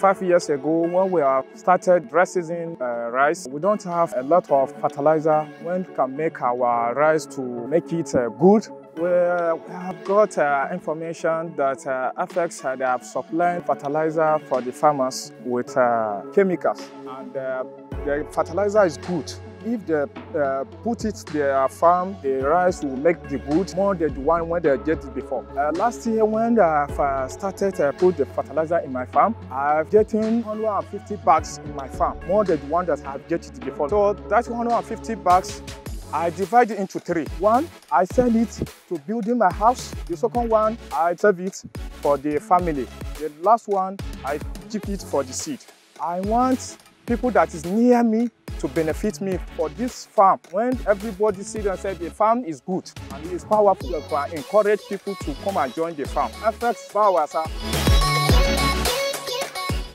Five years ago, when we have started dressing uh, rice, we don't have a lot of fertilizer when we can make our rice to make it uh, good. We uh, have got uh, information that uh, FX they have uh, supplied fertilizer for the farmers with uh, chemicals. And the fertilizer is good. If they uh, put it their farm, the rice will make the good more than the one when they get it before. Uh, last year when I uh, started to uh, put the fertilizer in my farm, I've getting 150 bags in my farm, more than the one that I've get it before. So that 150 bags I divide it into three. One, I sell it to building my house. The second one, I save it for the family. The last one, I keep it for the seed. I want people that is near me to benefit me for this farm. When everybody sit and said the farm is good and is powerful, I uh, encourage people to come and join the farm. FX sir.